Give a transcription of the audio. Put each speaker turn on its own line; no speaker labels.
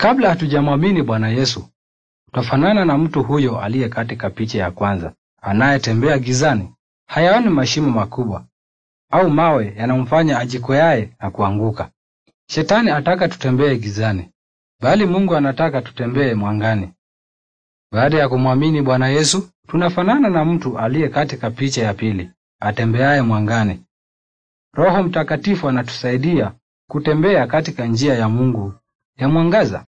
Kabla hatujamwamini Bwana Yesu, twafanana na mtu huyo aliye katika picha ya kwanza, anayetembea gizani, hayaoni mashimo makubwa au mawe yanamfanya ajikweaye na kuanguka. Shetani ataka tutembee gizani, bali Mungu anataka tutembee mwangani. Baada ya kumwamini Bwana Yesu, tunafanana na mtu aliye katika picha ya pili, atembeaye mwangani. Roho Mtakatifu anatusaidia kutembea katika njia ya Mungu ya
mwangaza